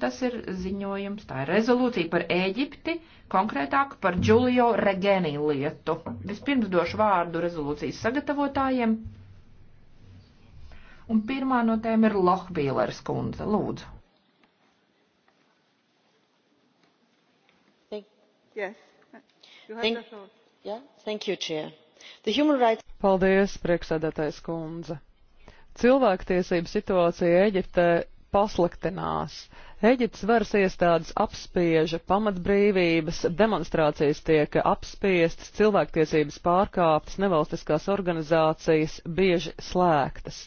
Tas ir ziņojums, tā ir rezolūcija par Ēģipti, konkrētāk par Giulio Regeni lietu. Vispirms došu vārdu rezolūcijas sagatavotājiem. Un pirmā no tēm ir Lohbīlers kundze. Lūdzu. Yes. Thank, yeah, thank you, Chair. The human rights... Paldies, priekšsēdētājs kundze. Cilvēktiesību situācija Eģiptē pasliktinās. Uh, Eģiptes varas iestādes apspieža pamatbrīvības, demonstrācijas tiek apspiestas, cilvēktiesības pārkāptas, nevalstiskās organizācijas bieži slēgtas.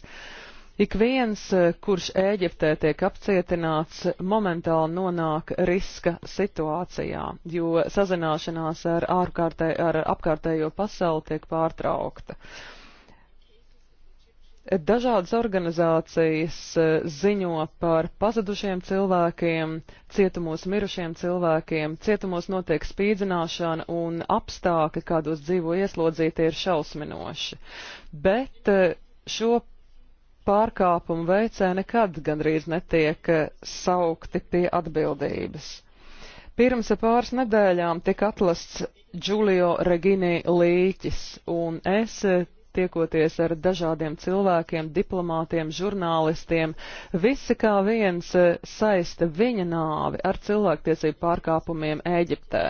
Ik viens, kurš Ēģiptē tiek apcietināts, momentāli nonāk riska situācijā, jo sazināšanās ar, ārkārtē, ar apkārtējo pasauli tiek pārtraukta. Uh, Dažādas organizācijas eh, ziņo par pazudušiem cilvēkiem, cietumos mirušiem cilvēkiem, cietumos notiek spīdzināšana un apstākļi, kādos dzīvo ieslodzītie, ir šausminoši. Bet eh, šo pārkāpumu veicēji nekad gandrīz netiek eh, saukti pie atbildības. Pirms pāris nedēļām tika atlasts Giulio Regini līķis, un es tiekoties ar dažādiem cilvēkiem, diplomātiem, žurnālistiem. Visi kā viens eh, saista viņa nāvi ar cilvēktiesību pārkāpumiem Ēģiptē.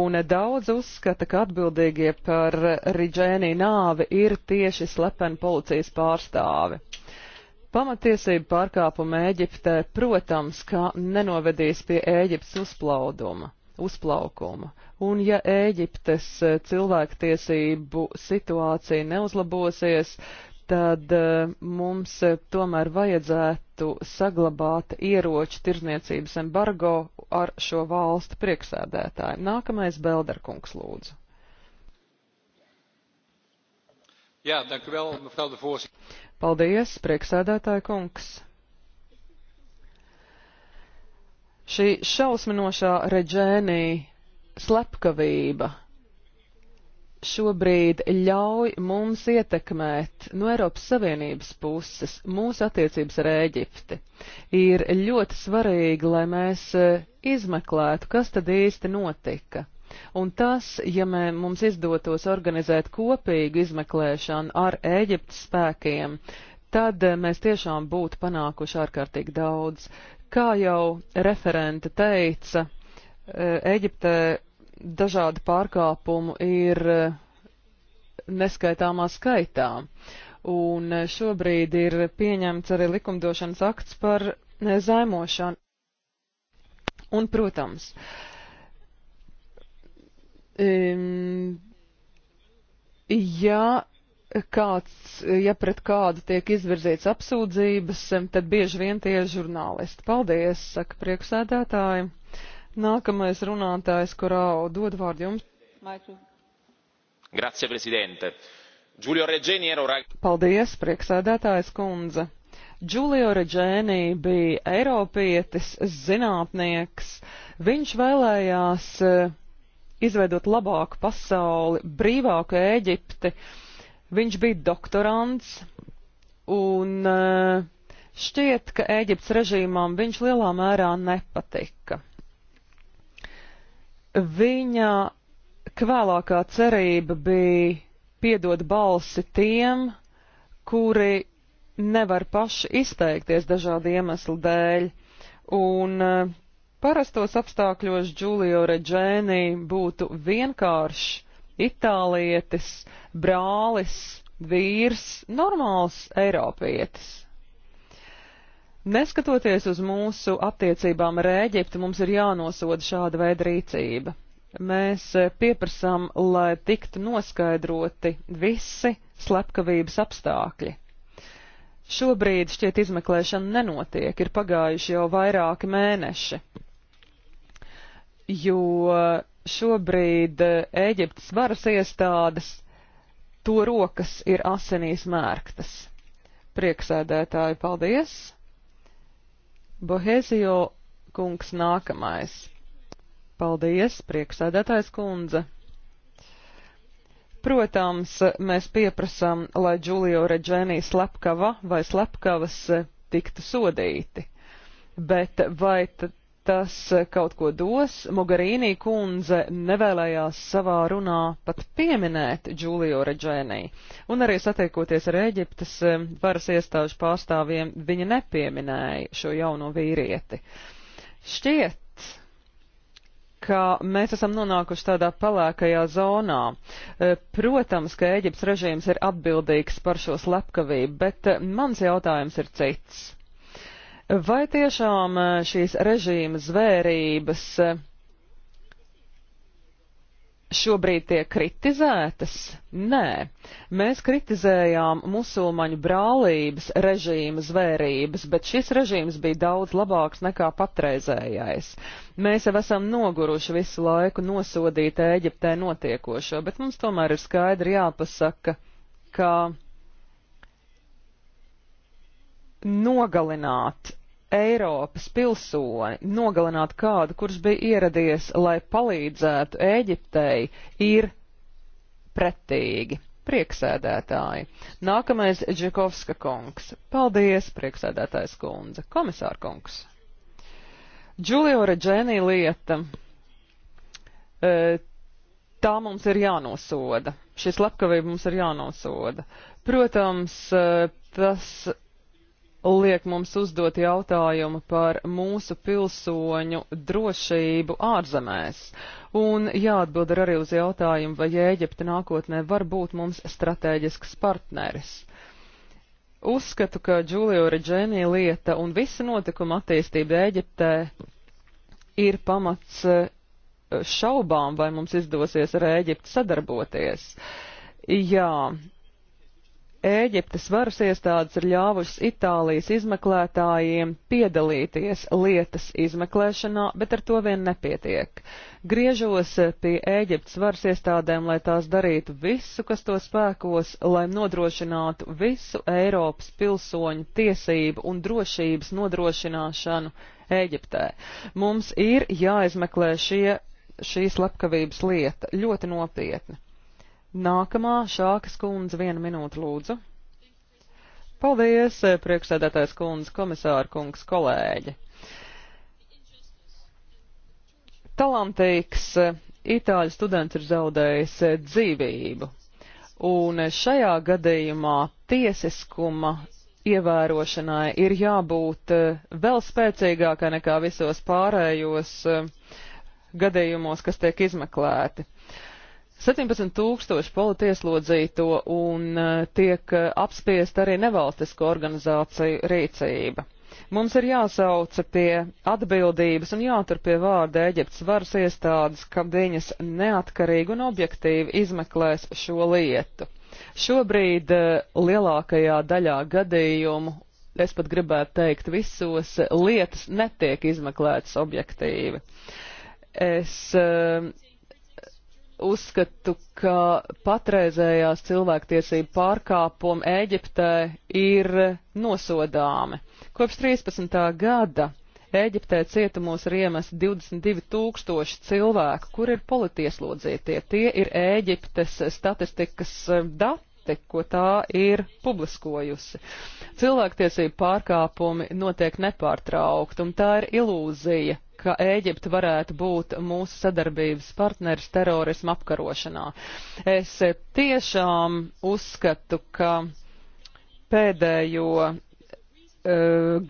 Un eh, daudz uzskata, ka atbildīgie par Riģēnī nāvi ir tieši slepeni policijas pārstāvi. Pamatiesība pārkāpuma Ēģiptē, protams, ka nenovedīs pie Ēģiptes uzplauduma uzplaukumu. Un ja Ēģiptes eh, cilvēktiesību situācija neuzlabosies, tad eh, mums eh, tomēr vajadzētu saglabāt ieroču tirzniecības embargo ar šo valstu prieksēdētāju. Nākamais Belderkungs lūdzu. Jā, dank u wel, mevrouw de voorzitter. Paldies, prieksēdētāja kungs. Šī šausminošā reģēnī slepkavība šobrīd ļauj mums ietekmēt no Eiropas Savienības puses mūsu attiecības ar Ēģipti. Ir ļoti svarīgi, lai mēs e, izmeklētu, kas tad īsti notika. Un tas, ja mē, mums izdotos organizēt kopīgu izmeklēšanu ar Ēģiptes spēkiem, tad e, mēs tiešām būtu panākuši ārkārtīgi daudz. Kā jau referente teica, e, Eģiptē dažādi pārkāpumu ir e, neskaitāmā skaitā, un e, šobrīd ir pieņemts arī likumdošanas akts par zaimošanu. Un, protams, ja kāds, ja pret kādu tiek izvirzīts apsūdzības, tad bieži vien tie ir žurnālisti. Paldies, saka priekšsēdētāji. Nākamais runātājs, kurā dod vārdu jums. Grazie, prezidente. Giulio Regeni era un... Paldies, priekšsēdētājs kundze. Giulio Regeni bija Eiropietis, zinātnieks. Viņš vēlējās eh, izveidot labāku pasauli, brīvāku Ēģipti Viņš bija doktorants un eh, šķiet, ka Ēģiptes režīmām viņš lielā mērā nepatika. Viņa kvēlākā cerība bija piedot balsi tiem, kuri nevar paši izteikties dažādu iemeslu dēļ, un eh, parastos apstākļos Giulio Reģēnī būtu vienkāršs itālietis, brālis, vīrs, normāls eiropietis. Neskatoties uz mūsu attiecībām ar Ēģipti, mums ir jānosoda šāda veida rīcība. Mēs eh, pieprasām, lai tiktu noskaidroti visi slepkavības apstākļi. Šobrīd šķiet izmeklēšana nenotiek, ir pagājuši jau vairāki mēneši, jo šobrīd eh, Ēģiptes varas iestādes to rokas ir asinīs mērktas. Prieksēdētāji, paldies! Bohezio kungs nākamais. Paldies, prieksēdētājs kundze! Protams, mēs pieprasām, lai Džulio Reģēnija slepkava vai slepkavas eh, tiktu sodīti, bet vai tas kaut ko dos. Mogarīnī kundze nevēlējās savā runā pat pieminēt Džulio Reģēnī, un arī satiekoties ar Eģiptes varas iestāžu pārstāvjiem, viņa nepieminēja šo jauno vīrieti. Šķiet, ka mēs esam nonākuši tādā palēkajā zonā. E, protams, ka Eģiptes režīms ir atbildīgs par šo slepkavību, bet e, mans jautājums ir cits. Vai tiešām eh, šīs režīma zvērības eh, šobrīd tiek kritizētas? Nē, mēs kritizējām musulmaņu brālības režīma zvērības, bet šis režīms bija daudz labāks nekā patreizējais. Mēs jau esam noguruši visu laiku nosodīt Ēģiptē notiekošo, bet mums tomēr ir skaidri jāpasaka, ka nogalināt Eiropas pilsoni nogalināt kādu, kurš bija ieradies, lai palīdzētu Ēģiptei, ir pretīgi. Prieksēdētāji. Nākamais Džekovska kungs. Paldies, prieksēdētājs kundze. Komisār kungs. Džulio Reģēnī lieta. E, tā mums ir jānosoda. Šis lepkavība mums ir jānosoda. Protams, e, tas liek mums uzdot jautājumu par mūsu pilsoņu drošību ārzemēs. Un jāatbild arī uz jautājumu, vai Ēģipte nākotnē var būt mums strateģisks partneris. Uzskatu, ka Giulio Reģēnī lieta un visa notikuma attīstība Ēģiptē ir pamats eh, šaubām, vai mums izdosies ar Ēģipti sadarboties. Jā, Ēģiptes varas iestādes ir ļāvušas Itālijas izmeklētājiem piedalīties lietas izmeklēšanā, bet ar to vien nepietiek. Griežos pie Ēģiptes varas iestādēm, lai tās darītu visu, kas to spēkos, lai nodrošinātu visu Eiropas pilsoņu tiesību un drošības nodrošināšanu Ēģiptē. Mums ir jāizmeklē šie, šīs lepkavības lieta ļoti nopietni. Nākamā šākas kundze viena minūte lūdzu. Paldies, priekšsēdētājs kundze, komisāra kungs, kolēģi. Talantīgs itāļu students ir zaudējis dzīvību, un šajā gadījumā tiesiskuma ievērošanai ir jābūt vēl spēcīgākai nekā visos pārējos gadījumos, kas tiek izmeklēti. Uh, 17,000 politieslodzīto un eh, tiek eh, apspiesta arī nevalstisko organizāciju rīcība. Mums ir jāsauca pie atbildības un jātur pie vārda Eģiptes varas iestādes, ka viņas neatkarīgi un objektīvi izmeklēs šo lietu. Šobrīd eh, lielākajā daļā gadījumu, es pat gribētu teikt, visos lietas netiek izmeklētas objektīvi. Es uh, uzskatu, ka patreizējās cilvēktiesību pārkāpumi Ēģiptē ir nosodāmi. Kopš 13. gada Ēģiptē cietumos ir iemesti 22 tūkstoši cilvēku, kur ir politieslodzītie. Tie ir Ēģiptes statistikas dati ko tā ir publiskojusi. Cilvēktiesību pārkāpumi notiek nepārtraukt, un tā ir ilūzija, ka Ēģipte varētu būt mūsu sadarbības partneris terorismu apkarošanā. Es tiešām uzskatu, ka pēdējo e,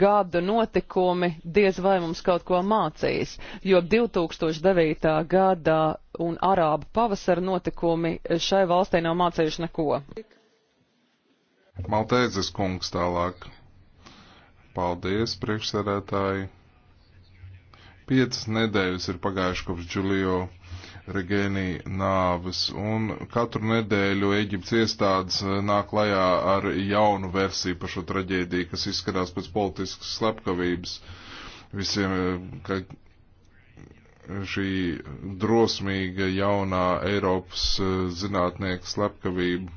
gada notikumi diez vai mums kaut ko mācīs, jo 2009. gada un Arābu pavasara notikumi šai valstī nav mācījuši neko. Maltēdzes kungs tālāk. Paldies, priekšsēdētāji. Piecas nedēļas ir pagājuši kopš Džulio Regēnī nāves, un katru nedēļu Eģiptes iestādes eh, nāk lajā ar jaunu versiju par šo traģēdiju, kas izskatās pēc politiskas slepkavības. Visiem, eh, ka šī drosmīga jaunā Eiropas eh, zinātnieka slepkavība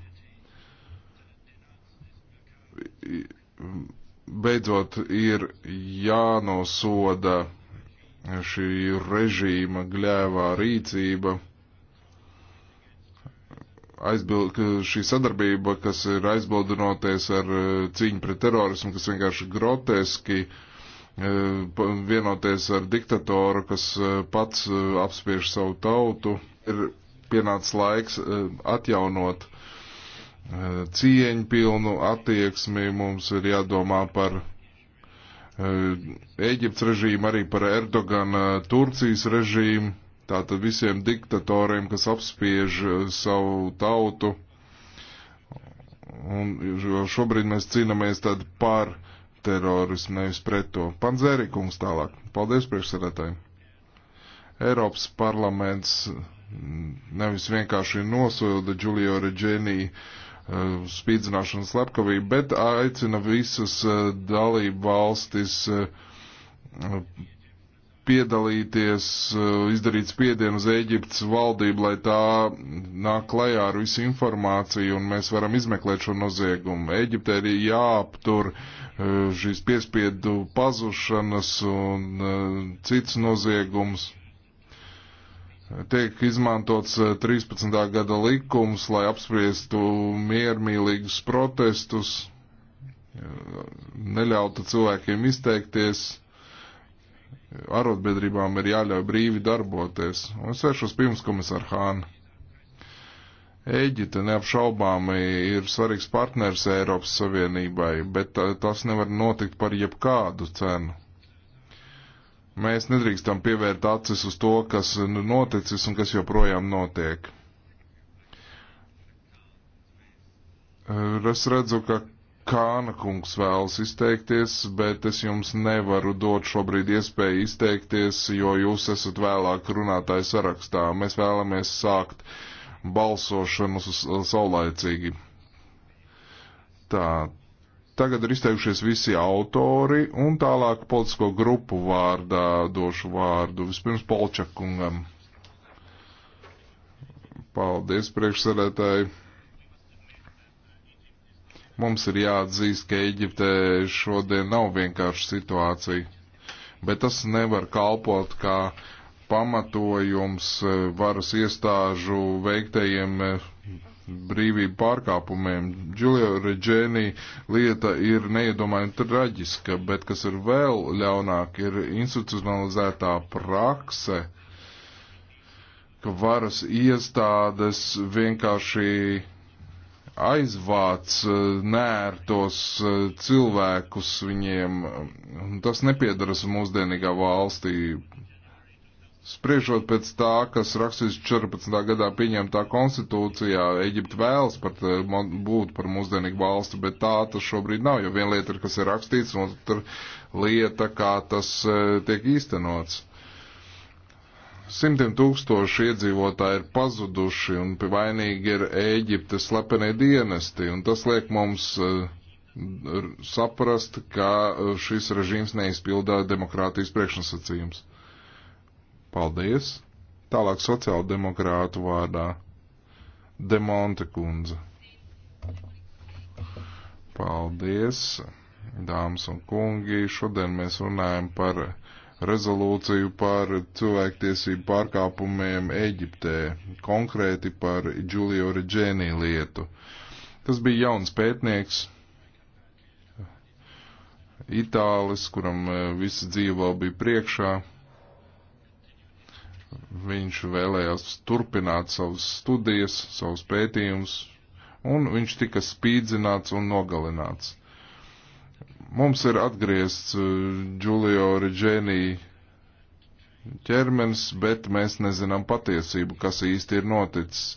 beidzot ir jānosoda šī režīma gļēvā rīcība, aizbild, šī sadarbība, kas ir aizbildinoties ar e, cīņu pret terorismu, kas vienkārši groteski e, vienoties ar diktatoru, kas e, pats apspiež savu tautu, ir pienācis laiks atjaunot cieņpilnu attieksmi, mums ir jādomā par Eh, Ēģipts režīmu, arī par Erdogana eh, Turcijas režīmu, tātad visiem diktatoriem, kas apspiež eh, savu tautu. Un šobrīd mēs cīnāmies tad par terorismu, nevis pret to. Panzērikums tālāk. Paldies priekšsēdētājiem. Eiropas parlaments mm, nevis vienkārši nosoda Giulio Reģēniju Eh, spīdzināšanu slepkavību, bet aicina visas eh, dalību valstis eh, piedalīties, izdarīt spiedienu uz Eģiptes valdību, lai tā nāk klajā ar visu informāciju un mēs varam izmeklēt šo noziegumu. Eģipte ir jāaptur šīs piespiedu pazušanas un cits noziegums tiek izmantots 13. Eh, gada likums, lai apspriestu miermīlīgus protestus, neļautu cilvēkiem izteikties. Arotbiedrībām ir jāļauj brīvi darboties. Un es vēršos pirms komisāra Hāna. Ēģipte neapšaubāmi ir svarīgs partners Eiropas Savienībai, bet eh, tas nevar notikt par jebkādu cenu. Mēs nedrīkstam pievērt acis uz to, kas nu, noticis un kas joprojām notiek. Es redzu, ka Kāna kungs vēlas izteikties, bet es jums nevaru dot šobrīd iespēju izteikties, jo jūs esat vēlāk runātāju sarakstā. Mēs vēlamies sākt balsošanu saulaicīgi. Tā, Tagad ir izteikušies visi autori, un tālāk politisko grupu vārdā došu vārdu vispirms Polčakungam. Paldies, priekšsēdētāji. Mums ir jāatzīst, ka Eģiptē šodien nav vienkārši situācija, bet tas nevar kalpot kā pamatojums varas iestāžu veiktajiem brīvību pārkāpumiem. Giulio Reģēnī lieta ir neiedomājami traģiska, bet kas ir vēl ļaunāk, ir institucionalizētā prakse, ka varas iestādes vienkārši aizvāc eh, nērtos eh, cilvēkus viņiem. Tas nepiedaras mūsdienīgā valstī. Spriežot pēc tā, kas rakstīts 14. gadā pieņemtā konstitūcijā, Eģipte vēlas pat būt par mūsdienīgu valsti, bet tā tas šobrīd nav, jo viena lieta ir, kas ir rakstīts, un otra lieta, kā tas e, tiek īstenots. Simtiem tūkstoši iedzīvotāji ir pazuduši, un vainīgi ir Eģiptes slepenie dienesti, un tas liek mums e, saprast, ka e, šis režīms neizpildā demokrātijas priekšnosacījums. Paldies! Tālāk sociāldemokrātu vārdā Demonte kundze. Paldies, dāmas un kungi! Šodien mēs runājam par rezolūciju par cilvēktiesību pārkāpumiem Eģiptē, konkrēti par Giulio Reģēnī lietu. Tas bija jauns pētnieks, itālis, kuram eh, visa dzīve vēl bija priekšā. Viņš vēlējās turpināt savas studijas, savus pētījumus, un viņš tika spīdzināts un nogalināts. Mums ir atgriezts uh, Giulio Reģēnī ķermenis, bet mēs nezinām patiesību, kas īsti ir noticis.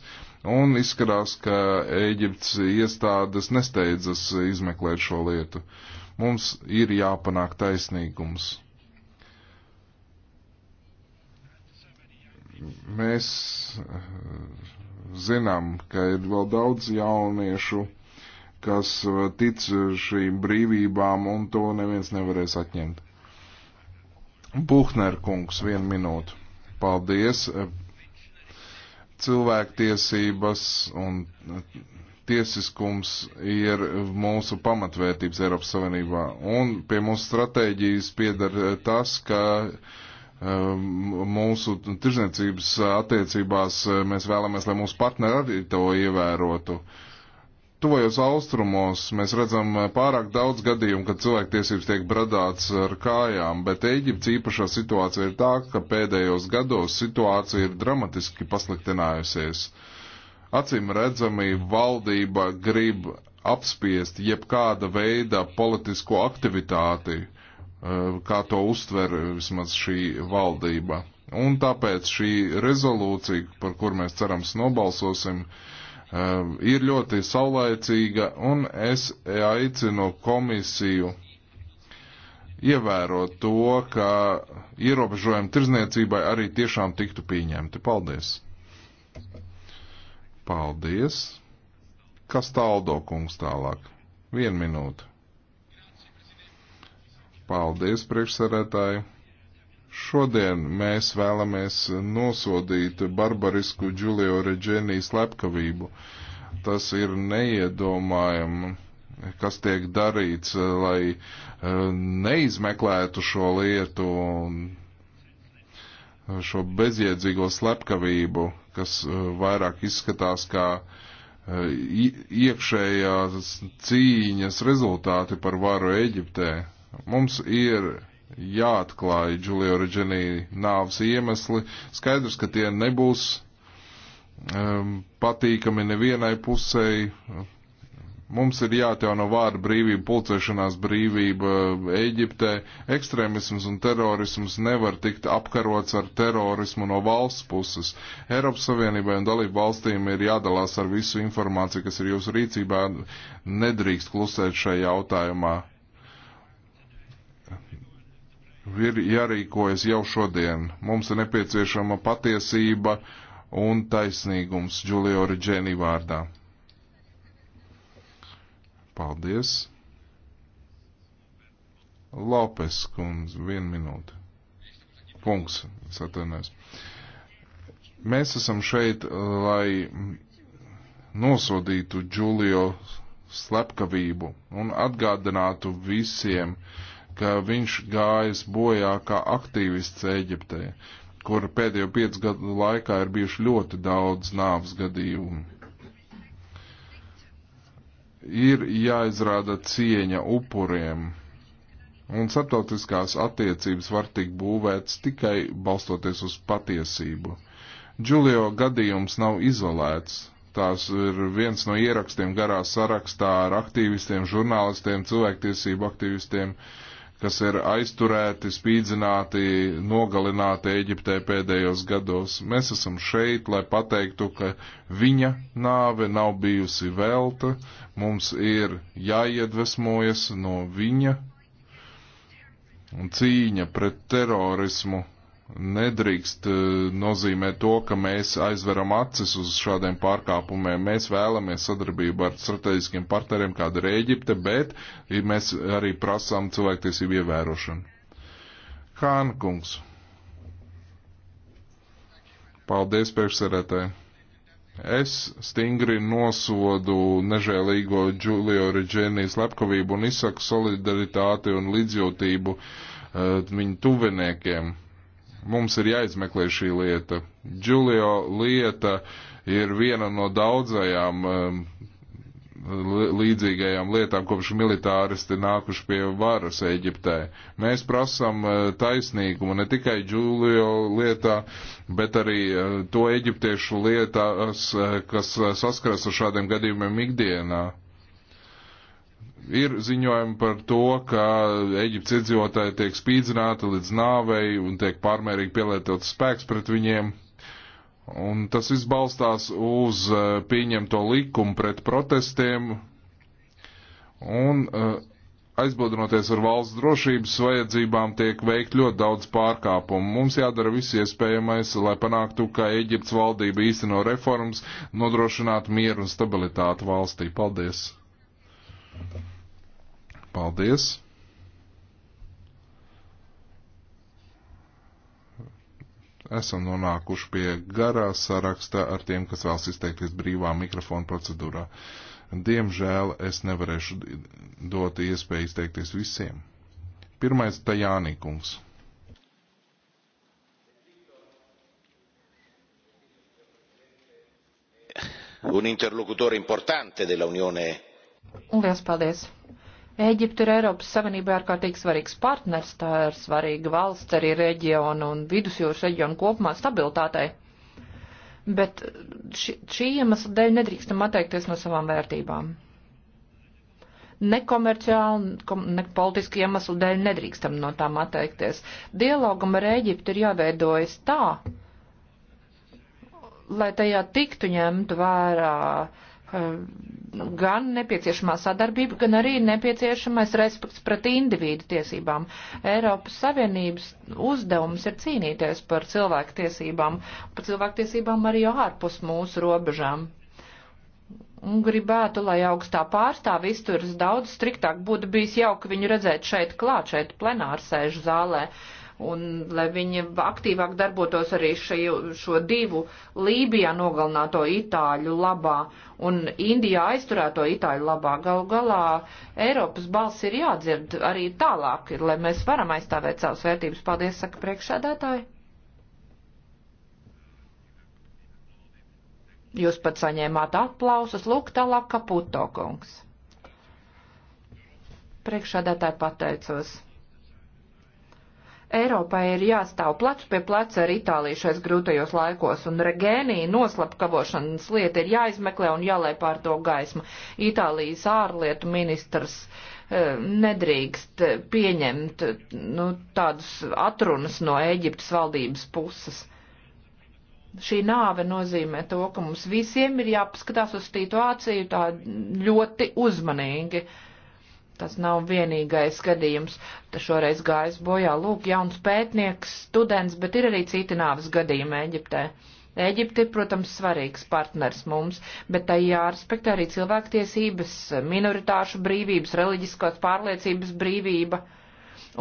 Un izskatās, ka Eģiptes iestādes nesteidzas izmeklēt šo lietu. Mums ir jāpanāk taisnīgums. Mēs eh, zinām, ka ir vēl daudz jauniešu, kas eh, tic šīm brīvībām, un to neviens nevarēs atņemt. Buhner kungs, vienu minūtu. Paldies. Cilvēktiesības un tiesiskums ir mūsu pamatvērtības Eiropas Savienībā, un pie mūsu stratēģijas piedara tas, ka uh, Ehm, mūsu tirzniecības attiecībās eh, mēs vēlamies, lai mūsu partneri arī to ievērotu. Tuvajos austrumos mēs redzam eh, pārāk daudz gadījumu, kad cilvēktiesības tiek bradāts ar kājām, bet Eģipts īpašā situācija ir tā, ka pēdējos gados situācija ir dramatiski pasliktinājusies. Acīm redzami valdība grib apspiest jebkāda veida politisko aktivitāti, uh, Eh, kā to uztver vismaz šī valdība. Un tāpēc šī rezolūcija, par kur mēs cerams nobalsosim, eh, ir ļoti saulaicīga, un es aicinu komisiju ievērot to, ka ierobežojumi tirzniecībai arī tiešām tiktu pieņemti. Paldies! Paldies! Kas tāldo kungs tālāk? Vienu minūti. Paldies, priekšsarētāji! Šodien mēs vēlamies nosodīt barbarisku Giulio Reģenī slepkavību. Tas ir neiedomājami, kas tiek darīts, lai e, neizmeklētu šo lietu un šo bezjēdzīgo slepkavību, kas e, vairāk izskatās kā e, iekšējās cīņas rezultāti par varu Eģiptē Mums ir jāatklāj Giulio Reģenī nāvs iemesli. Skaidrs, ka tie nebūs um, patīkami nevienai pusēji. Mums ir jāatjauno vārdu brīvība, pulcēšanās brīvība Eģiptē. Ekstrēmisms un terorisms nevar tikt apkarots ar terorismu no valsts puses. Eiropas Savienībai un dalību valstīm ir jādalās ar visu informāciju, kas ir jūsu rīcībā. Nedrīkst klusēt šajā jautājumā ir jārīkojas jau šodien. Mums ir nepieciešama patiesība un taisnīgums Giulio Reģēni vārdā. Paldies. Lopes kundze, viena minūte. Punkts, satvenēs. Mēs esam šeit, lai nosodītu Giulio slepkavību un atgādinātu visiem, uh, ka viņš gājas bojā kā aktīvists Eģiptē, kur pēdējo piecu gadu laikā ir bijuši ļoti daudz nāvs gadījumu. Ir jāizrāda cieņa upuriem, un starptautiskās attiecības var tikt būvētas tikai balstoties uz patiesību. Džulio gadījums nav izolēts, Tās ir viens no ierakstiem garā sarakstā ar aktīvistiem, žurnālistiem, cilvēktiesību aktīvistiem, uh, kas ir aizturēti, spīdzināti, nogalināti Eģiptē pēdējos gados. Mēs esam šeit, lai pateiktu, ka viņa nāve nav bijusi velta, mums ir jāiedvesmojas no viņa, un cīņa pret terorismu nedrīkst eh, nozīmē to, ka mēs aizveram acis uz šādiem pārkāpumiem. Mēs vēlamies sadarbību ar strateģiskiem partneriem, kāda ir Ēģipte, bet mēs arī prasām cilvēktiesību ievērošanu. Hānkungs. Paldies, priekšsarētāji. Es stingri nosodu nežēlīgo Giulio Reģēnijas lepkavību un izsaku solidaritāti un līdzjūtību uh, viņu tuviniekiem Mums ir jāizmeklē šī lieta. Džulio lieta ir viena no daudzajām um, līdzīgajām lietām, kopš militāristi nākuši pie varas Eģiptē. Mēs prasam uh, taisnīgumu ne tikai Džulio lietā, bet arī uh, to eģiptiešu lietās, uh, kas saskaras ar šādiem gadījumiem ikdienā. Ir ziņojumi par to, ka Eģiptes iedzīvotāji tiek spīdzināti līdz nāvei un tiek pārmērīgi pielietots spēks pret viņiem. Un tas viss balstās uz e, pieņemto likumu pret protestiem un e, aizbildinoties ar valsts drošības vajadzībām tiek veikt ļoti daudz pārkāpumu. Mums jādara viss iespējamais, lai panāktu, ka Eģiptes valdība īsteno reformas, nodrošinātu mieru un stabilitātu valstī. Paldies! Thank you. Paldies! Esam nonākuši pie garā saraksta ar tiem, kas vēlas izteikties brīvā mikrofona procedūrā. Diemžēl es nevarēšu dot iespēju izteikties visiem. Pirmais - Tajānīkums. Un interlocutore importante della Unione. Un liels paldies! Ēģipte ir Eiropas Savienība ārkārtīgi svarīgs partners, tā ir svarīga valsts arī reģionu un vidusjūras reģionu kopumā stabilitātei. Bet ši, šī iemesla dēļ nedrīkstam atteikties no savām vērtībām. Nekomerciāli, ne politiski iemeslu dēļ nedrīkstam no tām atteikties. Dialogam ar Ēģipti ir jāveidojas tā, lai tajā tiktu ņemtu vērā uh, Eh, gan nepieciešamā sadarbība, gan arī nepieciešamais respekts pret individu tiesībām. Eiropas Savienības uzdevums ir cīnīties par cilvēku tiesībām, par cilvēku tiesībām arī ārpus mūsu robežām. Un gribētu, lai augstā pārstāve izturas daudz striktāk, būtu bijis jauki viņu redzēt šeit klāt, šeit plenārsēžu zālē. Uh, un lai viņi aktīvāk darbotos arī šajo, šo divu Lībijā nogalināto itāļu labā un Indijā aizturēto itāļu labā. Galu galā Eiropas balss ir jādzird arī tālāk, lai mēs varam aizstāvēt savas vērtības. Paldies, saka priekšsēdētāji. Jūs pat saņēmāt aplausus, lūk, tālāk kaputo kungs. Priekšādātāji pateicos. Eiropai ir jāstāv plecu pie pleca ar Itāliju šais grūtajos laikos, un regēnija noslapkavošanas lieta ir jāizmeklē un jālai pār to gaismu. Itālijas ārlietu ministrs eh, nedrīkst eh, pieņemt nu, tādus atrunas no Ēģiptes valdības puses. Šī nāve nozīmē to, ka mums visiem ir jāpaskatās uz situāciju tā ļoti uzmanīgi. Uh, Tas nav vienīgais gadījums. Ta šoreiz gājis bojā, lūk, jauns pētnieks, students, bet ir arī citi nāves gadījumi Eģiptē. Eģipte ir, protams, svarīgs partners mums, bet tai jārespektē arī cilvēktiesības, minoritāšu brīvības, reliģiskās pārliecības brīvība.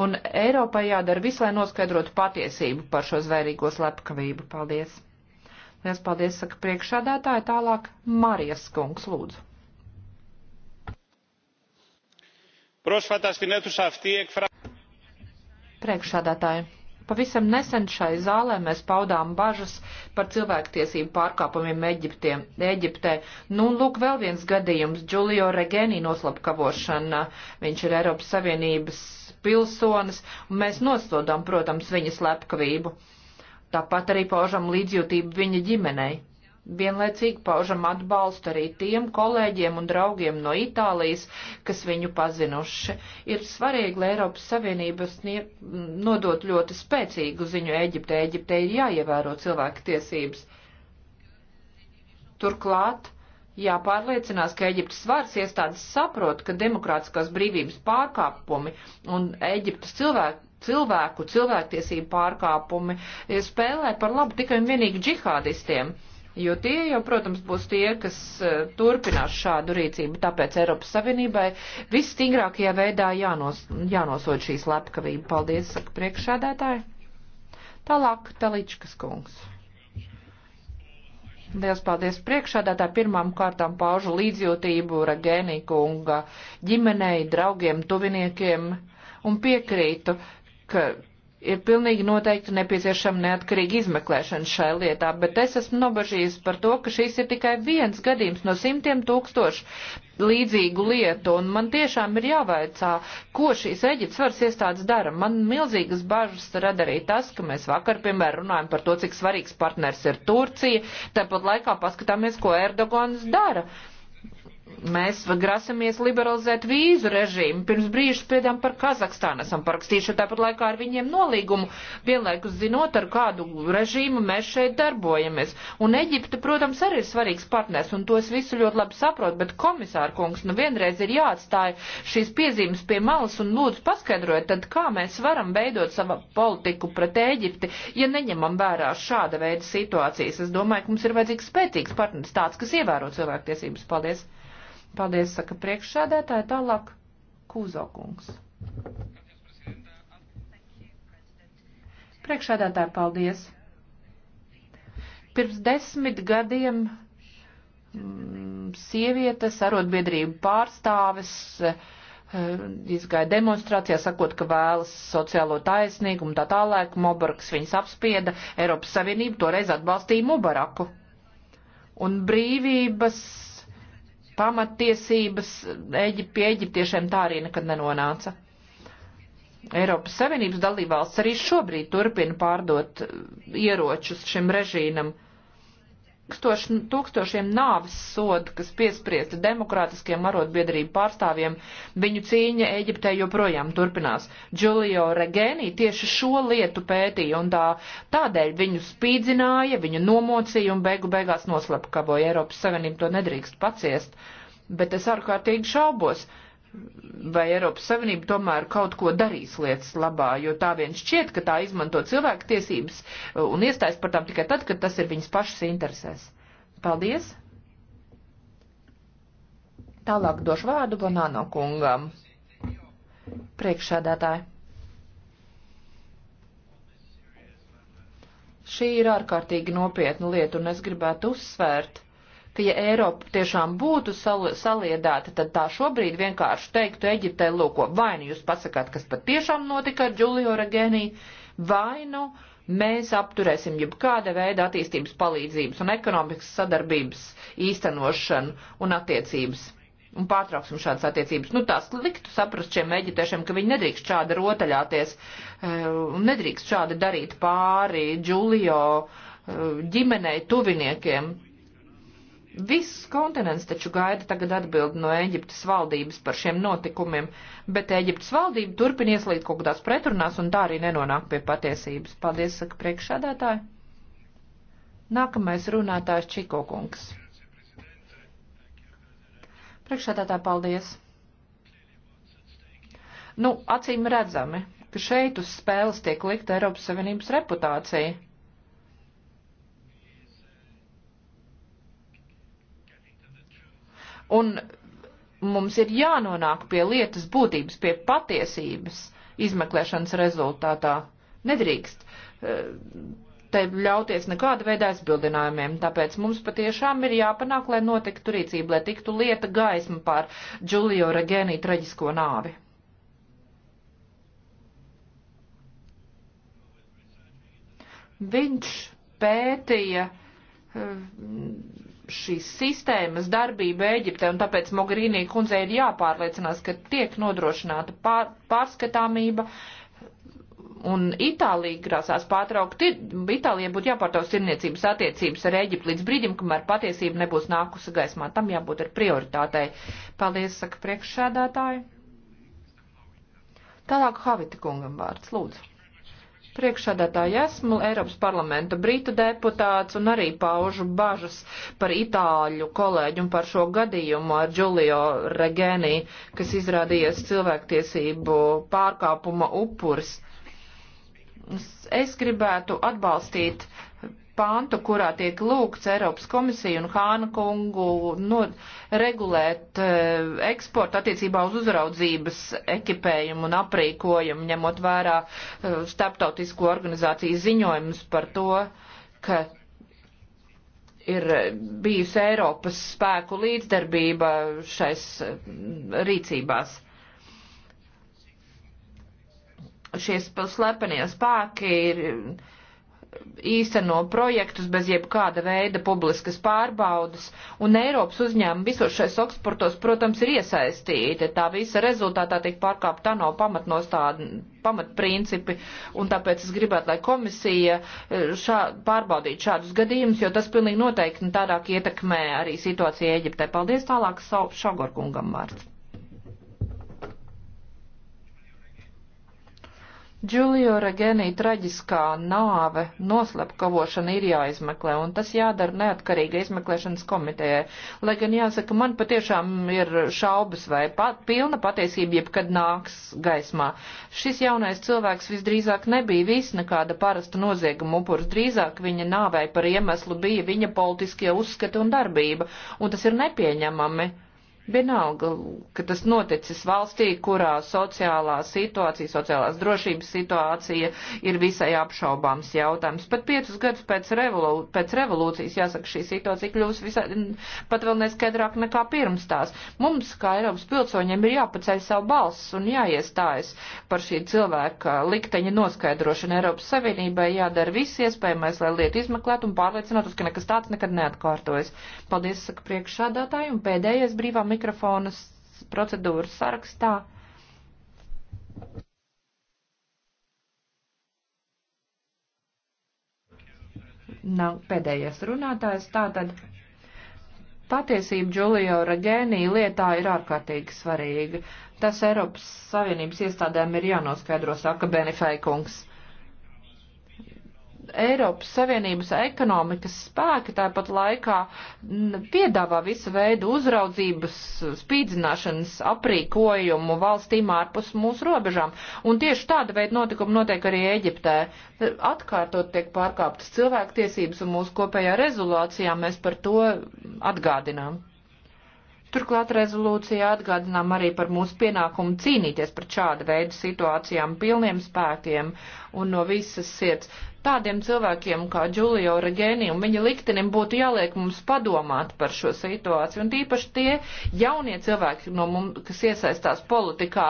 Un Eiropai jādara viss, lai noskaidrotu patiesību par šo zvērīgo slepkavību. Paldies! Liels paldies, saka priekšādātāja, tālāk Marijas kungs lūdzu. Πρόσφατα στην αίθουσα αυτή εκφράσαμε. Priekšsādātāji, pavisam nesen šai zālē mēs paudām bažas par cilvēktiesību pārkāpumiem Eģiptiem, Eģiptē. Nu, lūk, vēl viens gadījums - Giulio Regeni noslapkavošana. Viņš ir Eiropas Savienības pilsonis, un mēs nosodām, protams, viņa slepkavību. Tāpat arī paužam līdzjūtību viņa ģimenei. Vienlaicīgi paužam atbalstu arī tiem kolēģiem un draugiem no Itālijas, kas viņu pazinuši. Ir svarīgi, lai Eiropas Savienības nodot ļoti spēcīgu ziņu Eģiptē. Eģiptē ir jāievēro cilvēku tiesības. Turklāt jāpārliecinās, ka Eģiptes varas iestādes saprot, ka demokrātiskās brīvības pārkāpumi un Eģiptes cilvēku cilvēku, cilvēktiesību pārkāpumi spēlē par labu tikai un vienīgi džihādistiem jo tie jau, protams, būs tie, kas e, turpinās šādu rīcību. Tāpēc Eiropas Savienībai visstingrākajā veidā jānos, jānosod šī slepkavība. Paldies, saka priekšsēdētāji. Tālāk Taličkas kungs. Liels paldies priekšādātāji pirmām kārtām paužu līdzjūtību Ragēnī kunga ģimenei, draugiem, tuviniekiem un piekrītu, ka ir pilnīgi noteikti nepieciešama neatkarīga izmeklēšana šai lietā, bet es esmu nobažījies par to, ka šīs ir tikai viens gadījums no simtiem tūkstošu līdzīgu lietu, un man tiešām ir jāvaicā, ko šīs Eģiptes varas iestādes dara. Man milzīgas bažas rada arī tas, ka mēs vakar, piemēram, runājam par to, cik svarīgs partners ir Turcija, tāpat laikā paskatāmies, ko Erdogans dara. Uh, Mēs grasamies liberalizēt vīzu režīmu. Pirms brīža spiedām par Kazahstānu. Esam parakstījuši tāpat laikā ar viņiem nolīgumu, vienlaikus zinot, ar kādu režīmu mēs šeit darbojamies. Un Eģipte, protams, arī ir svarīgs partners, un to es visu ļoti labi saprotu, bet komisāra kungs, nu vienreiz ir jāatstāja šīs piezīmes pie malas un lūdzu paskaidrojiet, tad kā mēs varam veidot savu politiku pret Eģipti, ja neņemam vērā šāda veida situācijas. Es domāju, ka mums ir vajadzīgs spēcīgs partners, tāds, kas ievēro cilvēktiesības. Paldies! Paldies, saka priekšsēdētāja, tālāk Kūzokungs. Priekšsēdētāja, paldies. Pirms desmit gadiem mm, sievietes arotbiedrību pārstāves eh, izgāja demonstrācijā, sakot, ka vēlas sociālo taisnīgumu tā tālāk. Mubaraks viņas apspieda, Eiropas Savienība toreiz atbalstīja Mubaraku. Un brīvības pamattiesības Eģip, pie eģiptiešiem tā arī nekad nenonāca. Eiropas Savienības dalībvalsts arī šobrīd turpina pārdot ieročus šim režīmam tūkstoš, tūkstošiem nāves sodu, kas piespriesti demokrātiskiem arotbiedrību pārstāvjiem, viņu cīņa Eģiptē joprojām turpinās. Giulio Regeni tieši šo lietu pētīja un tā, tādēļ viņu spīdzināja, viņu nomocīja un beigu beigās noslapkavoja. Eiropas Savienība to nedrīkst paciest. Bet es ārkārtīgi šaubos, vai Eiropas Savienība tomēr kaut ko darīs lietas labā, jo tā vien šķiet, ka tā izmanto cilvēku tiesības uh, un iestājas par tām tikai tad, kad tas ir viņas pašas interesēs. Paldies! Tālāk došu vārdu Bonāno kungam. Priekšsēdētāji. Šī ir ārkārtīgi nopietna lieta, un es gribētu uzsvērt, ka ja Eiropa tiešām būtu sal saliedāta, tad tā šobrīd vienkārši teiktu Eģiptei, lūko, vai nu jūs pasakāt, kas pat tiešām notika ar Giulio Regeni, vai nu mēs apturēsim jebkāda veida attīstības palīdzības un ekonomikas sadarbības īstenošanu un attiecības un pārtrauksim šādas attiecības. Nu, tās liktu saprast šiem eģiptiešiem, ka viņi nedrīkst šādi rotaļāties eh, un nedrīkst šādi darīt pāri Džulio eh, ģimenei, tuviniekiem. Viss kontinents taču gaida tagad atbildi no Ēģiptes valdības par šiem notikumiem, bet Ēģiptes valdība turpina ieslīgt kaut kādās pretrunās un tā arī nenonāk pie patiesības. Paldies, saka priekšsādātāji. Nākamais runātājs Čiko kungs. Priekšsādātāji, paldies. Nu, acīm redzami, ka šeit uz spēles tiek likta Eiropas Savienības reputācija Un mums ir jānonāk pie lietas būtības, pie patiesības izmeklēšanas rezultātā. Nedrīkst eh, te ļauties nekāda veida aizbildinājumiem, tāpēc mums patiešām ir jāpanāk, lai notiktu rīcība, lai tiktu lieta gaisma pār Giulio Regeni traģisko nāvi. Viņš pētīja eh, šīs sistēmas darbība Ēģipte, un tāpēc Mogherīnī kundzei ir jāpārliecinās, ka tiek nodrošināta pār, pārskatāmība, un Itālija grasās pārtraukt, Itālijai būtu jāpārtrauc tirniecības attiecības ar Eģiptu līdz brīdim, kamēr patiesība nebūs nākusi gaismā. Tam jābūt ar prioritātei. Paldies, saka priekšsēdētāji. Tālāk Havita kungam vārds, lūdzu priekšsēdētāji esmu Eiropas parlamenta brītu deputāts un arī paužu bažas par itāļu kolēģu un par šo gadījumu ar Giulio Regeni, kas izrādījies cilvēktiesību pārkāpuma upuris. Es gribētu atbalstīt pāntu, kurā tiek lūgts Eiropas komisiju un Hāna kungu no, regulēt uh, eksportu attiecībā uz uzraudzības ekipējumu un aprīkojumu, ņemot vērā uh, starptautisko organizāciju ziņojumus par to, ka ir bijusi Eiropas spēku līdzdarbība šais rīcībās. Šie slepenie spēki ir īsteno projektus bez jebkāda veida publiskas pārbaudas, un Eiropas uzņēmumi visos šais eksportos, protams, ir iesaistīti. Tā visa rezultātā tiek pārkāpta no pamatnostāda, pamatprincipi, un tāpēc es gribētu, lai komisija e, šā, pārbaudītu šādus gadījumus, jo tas pilnīgi noteikti tādāk ietekmē arī situāciju Eģiptē. Paldies tālāk Šogorkungam vārds. Giulio Regenī traģiskā nāve, noslepkavošana ir jāizmeklē, un tas jādara neatkarīga izmeklēšanas komitejai. Lai gan jāsaka, man patiešām ir šaubas, vai pat, pilna patiesība jebkad nāks gaismā. Šis jaunais cilvēks visdrīzāk nebija viss nekāda parasta nozieguma upurs, drīzāk viņa nāvei par iemeslu bija viņa politiskie uzskati un darbība, un tas ir nepieņemami. Vienalga, ka tas noticis valstī, kurā sociālā situācija, sociālās drošības situācija ir visai apšaubāms jautājums. Pat piecus gadus pēc, revolu, pēc revolūcijas, jāsaka, šī situācija kļūs visai, pat vēl neskaidrāk nekā pirms tās. Mums, kā Eiropas pilsoņiem, ir jāpaceļ savu balss un jāiestājas par šī cilvēka likteņa noskaidrošanu Eiropas Savienībai, jādara viss iespējamais, lai lietu izmeklētu un pārliecinātos, ka nekas tāds nekad neatkārtojas. Paldies, saka priekšādātāji, un pēdējais brīvā mikrofonas procedūras sarakstā. Nav pēdējais runātājs, tātad patiesība Džulio Ragēnī lietā ir ārkārtīgi svarīga. Tas Eiropas Savienības iestādēm ir jānoskaidro, saka Benifei kungs. Eiropas Savienības ekonomikas spēki tāpat laikā piedāvā visu veidu uzraudzības, spīdzināšanas aprīkojumu valstīm ārpus mūsu robežām. Un tieši tāda veida notikumi notiek arī Eģiptē. Atkārtot tiek pārkāptas cilvēktiesības un mūsu kopējā rezolācijā mēs par to atgādinām. Turklāt rezolūcijā atgādinām arī par mūsu pienākumu cīnīties par šāda veida situācijām pilniem spēkiem un no visas sirds. Tādiem cilvēkiem kā Giulio Regeni un viņa liktenim būtu jāliek mums padomāt par šo situāciju. Un tīpaši tie jaunie cilvēki, no mums, kas iesaistās politikā,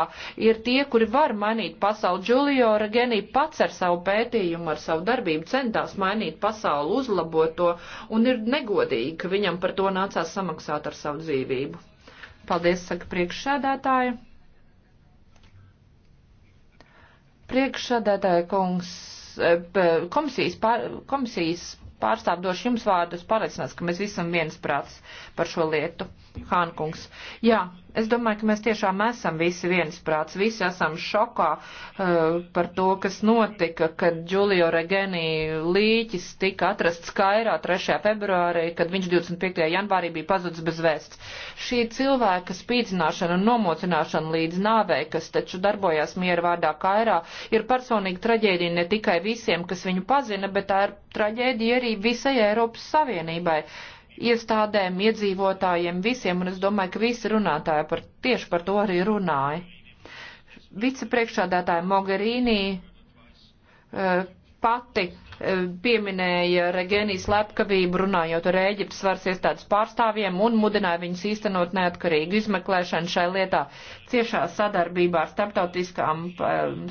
ir tie, kuri var mainīt pasauli. Giulio Regeni pats ar savu pētījumu, ar savu darbību centās mainīt pasauli, uzlabot to, un ir negodīgi, ka viņam par to nācās samaksāt ar savu dzīvību. Paldies, saka priekšsēdētāja. Priekšsēdētāja kungs, Eh, komisijas, pār, komisijas pārstāvdošu jums vārdus pārliecinās, ka mēs visam viensprāts par šo lietu. Hānkungs. Jā, Es domāju, ka mēs tiešām esam visi viensprāts, visi esam šokā uh, par to, kas notika, kad Giulio Regeni līķis tika atrasts Kairā 3. februārī, kad viņš 25. janvārī bija pazudis bez vēsts. Šī cilvēka spīdzināšana un nomocināšana līdz nāvei, kas taču darbojās miera vārdā Kairā, ir personīga traģēdija ne tikai visiem, kas viņu pazina, bet tā ir traģēdija arī visai Eiropas Savienībai. Uh, iestādēm, iedzīvotājiem, visiem, un es domāju, ka visi runātāji par, tieši par to arī runāja. Vicepriekšādātāja Mogherīnī eh, pati eh, pieminēja Regēnijas lepkavību, runājot ar Ēģiptes varas iestādes pārstāvjiem un mudināja viņus īstenot neatkarīgu izmeklēšanu šai lietā ciešā sadarbībā ar eh,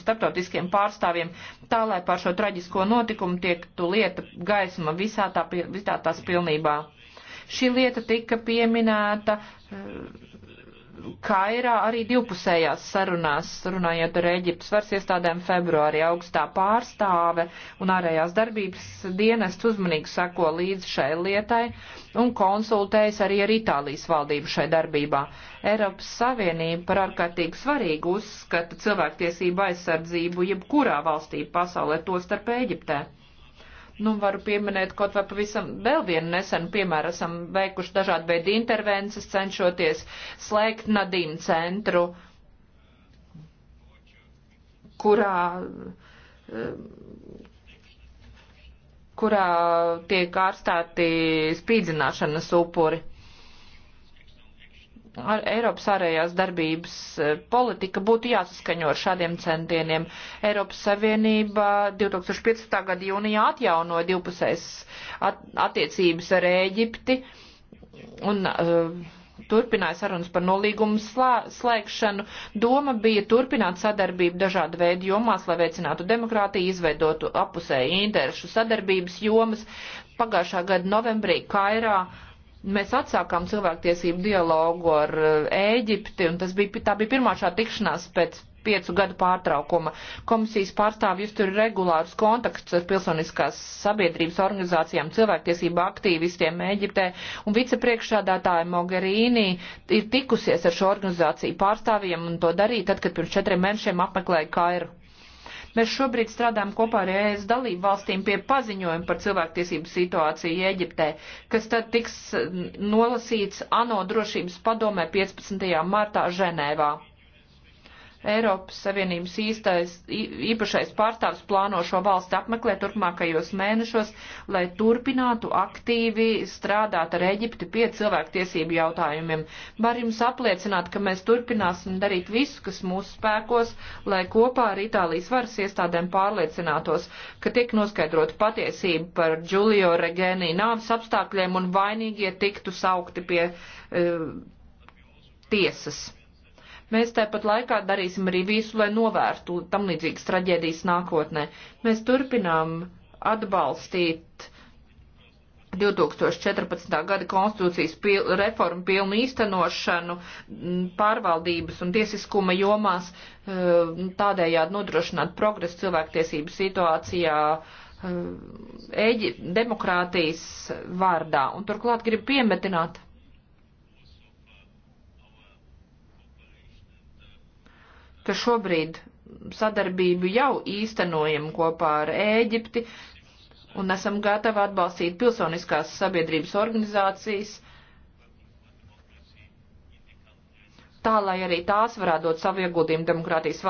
starptautiskiem pārstāvjiem, tā lai par šo traģisko notikumu tiektu lieta gaisma visā, tā, visā tās pilnībā. Šī lieta tika pieminēta eh, Kairā arī divpusējās sarunās, runājot ar Eģiptes varas iestādēm februārī augstā pārstāve un ārējās darbības dienests uzmanīgi sako līdz šai lietai un konsultējas arī ar Itālijas valdību šai darbībā. Eiropas Savienība par ārkārtīgi svarīgu uzskata cilvēktiesību aizsardzību jebkurā valstī pasaulē, to starp Eģiptē. Nu, varu pieminēt kaut vai pavisam vēl vienu nesenu piemēru. Esam veikuši dažādu veidu intervences, cenšoties slēgt Nadīnu centru, kurā kurā tiek ārstāti spīdzināšanas upuri ar Eiropas ārējās darbības e, politika būtu jāsaskaņo ar šādiem centieniem. Eiropas Savienība 2015. gada jūnijā atjauno divpusējas at attiecības ar Ēģipti un uh, turpināja sarunas par nolīgumu slēgšanu. Doma bija turpināt sadarbību dažādu veidu jomās, lai veicinātu demokrātiju, izveidotu apusēju interešu sadarbības jomas. Pagājušā gada novembrī Kairā uh, Mēs atsākām cilvēktiesību dialogu ar eh, Ēģipti, un tas bija, tā bija pirmā šā tikšanās pēc piecu gadu pārtraukuma. Komisijas pārstāvji jūs tur regulārus kontaktus ar pilsoniskās sabiedrības organizācijām, cilvēktiesību aktīvistiem Eģiptē, un vicepriekšādātāja Mogherini ir tikusies ar šo organizāciju pārstāvjiem un to darīja tad, kad pirms četriem mēnešiem apmeklēja Kairu. Mēs šobrīd strādājam kopā ar ES dalību valstīm pie paziņojuma par cilvēktiesību situāciju Eģiptē, kas tad tiks nolasīts ANO drošības padomē 15. martā Ženēvā. Eiropas Savienības īstais, īpašais pārstāvs plāno šo valstu apmeklēt turpmākajos mēnešos, lai turpinātu aktīvi strādāt ar Eģipti pie cilvēktiesību jautājumiem. Var jums apliecināt, ka mēs turpināsim darīt visu, kas mūsu spēkos, lai kopā ar Itālijas varas iestādēm pārliecinātos, ka tiek noskaidrot patiesību par Giulio Regeni nāves apstākļiem un vainīgie tiktu saukti pie uh, tiesas. Mēs tāpat laikā darīsim arī visu, lai novērstu tam līdzīgas traģēdijas nākotnē. Mēs turpinām atbalstīt 2014. gada konstitūcijas pil reformu pilnu īstenošanu pārvaldības un tiesiskuma jomās, e, tādējādi nodrošināt progresu cilvēktiesību situācijā e, Eģi demokrātijas vārdā. Un turklāt gribu piemetināt ka šobrīd sadarbību jau īstenojam kopā ar Ēģipti un esam gatavi atbalstīt pilsoniskās sabiedrības organizācijas, tā lai arī tās varētu dot savu ieguldījumu demokrātijas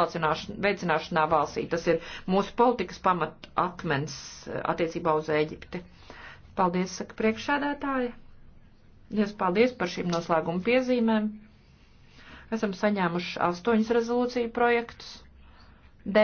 veicināšanā valstī. Tas ir mūsu politikas pamat akmens eh, attiecībā uz Ēģipti. Paldies, saka priekšsēdētāja. Liels paldies par šīm noslēguma piezīmēm. Esam saņēmuši astoņus rezolūciju projektus.